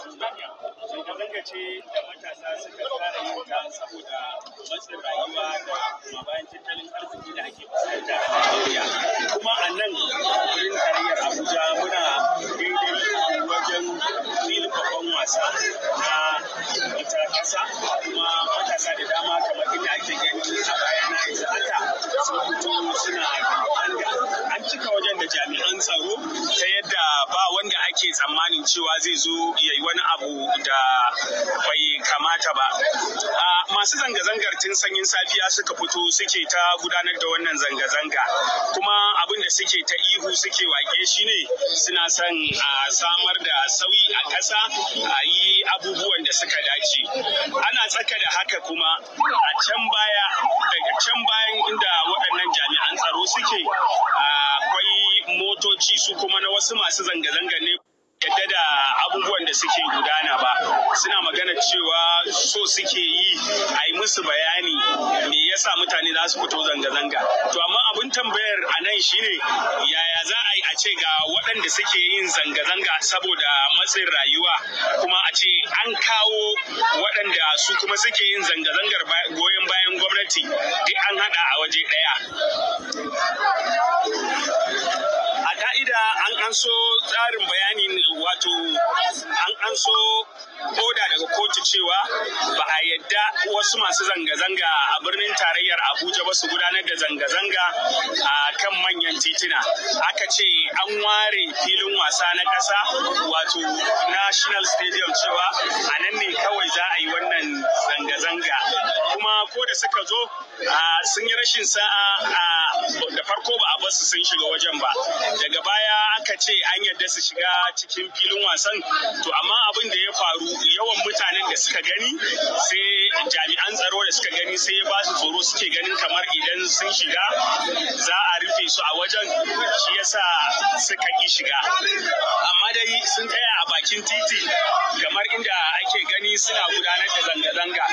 zanga-zanga ce da matasa suka fara yin ta saboda matsin rayuwa da kuma bayan tattalin arziki da ake fuskanta a Najeriya. Kuma a nan wurin tarayyar Abuja muna daidai wajen filin babban wasa na ita kuma matasa da dama kamar inda ake gani a na yanzu haka sun fito suna an cika wajen da jami'a. tsaro ta yadda ba wanda ake tsammanin cewa zai zo ya yi wani abu da bai kamata ba masu zanga-zangar tun sanyin safiya suka fito suke ta gudanar da wannan zanga-zanga kuma abin da suke ta ihu suke wake shi ne suna son a samar da sauyi a ƙasa a yi abubuwan da suka dace ana tsaka da haka kuma a can baya daga can baya yawanci su kuma na wasu masu zanga-zanga ne yadda da abubuwan da suke gudana ba suna magana cewa so suke yi a yi musu bayani me yasa mutane za su fito zanga-zanga to amma abin tambayar a nan shine yaya za a yi a ce ga waɗanda suke yin zanga-zanga saboda matsin rayuwa kuma a ce an kawo waɗanda su kuma suke yin zanga-zangar goyon bayan gwamnati duk an haɗa a waje ɗaya an so tsarin bayani wato an an so oda daga kotu cewa ba a yadda wasu masu zanga-zanga a birnin tarayyar abuja ba su gudanar da zanga-zanga a kan manyan titina aka ce an ware filin wasa na ƙasa wato national stadium cewa a nan ne kawai za a yi wannan zanga-zanga kuma ko da suka zo sun yi rashin sa'a a da farko ba a su sun shiga wajen ba daga baya aka ce an yarda su shiga cikin filin wasan to amma abin da ya faru yawan mutanen da suka gani sai jami'an tsaro da suka gani sai ya ba su tsoro suke ganin kamar idan sun shiga za a rufe su a wajen shi yasa suka ki shiga amma dai sun tsaya a bakin titi kamar inda ake gani suna gudanar da zanga-zanga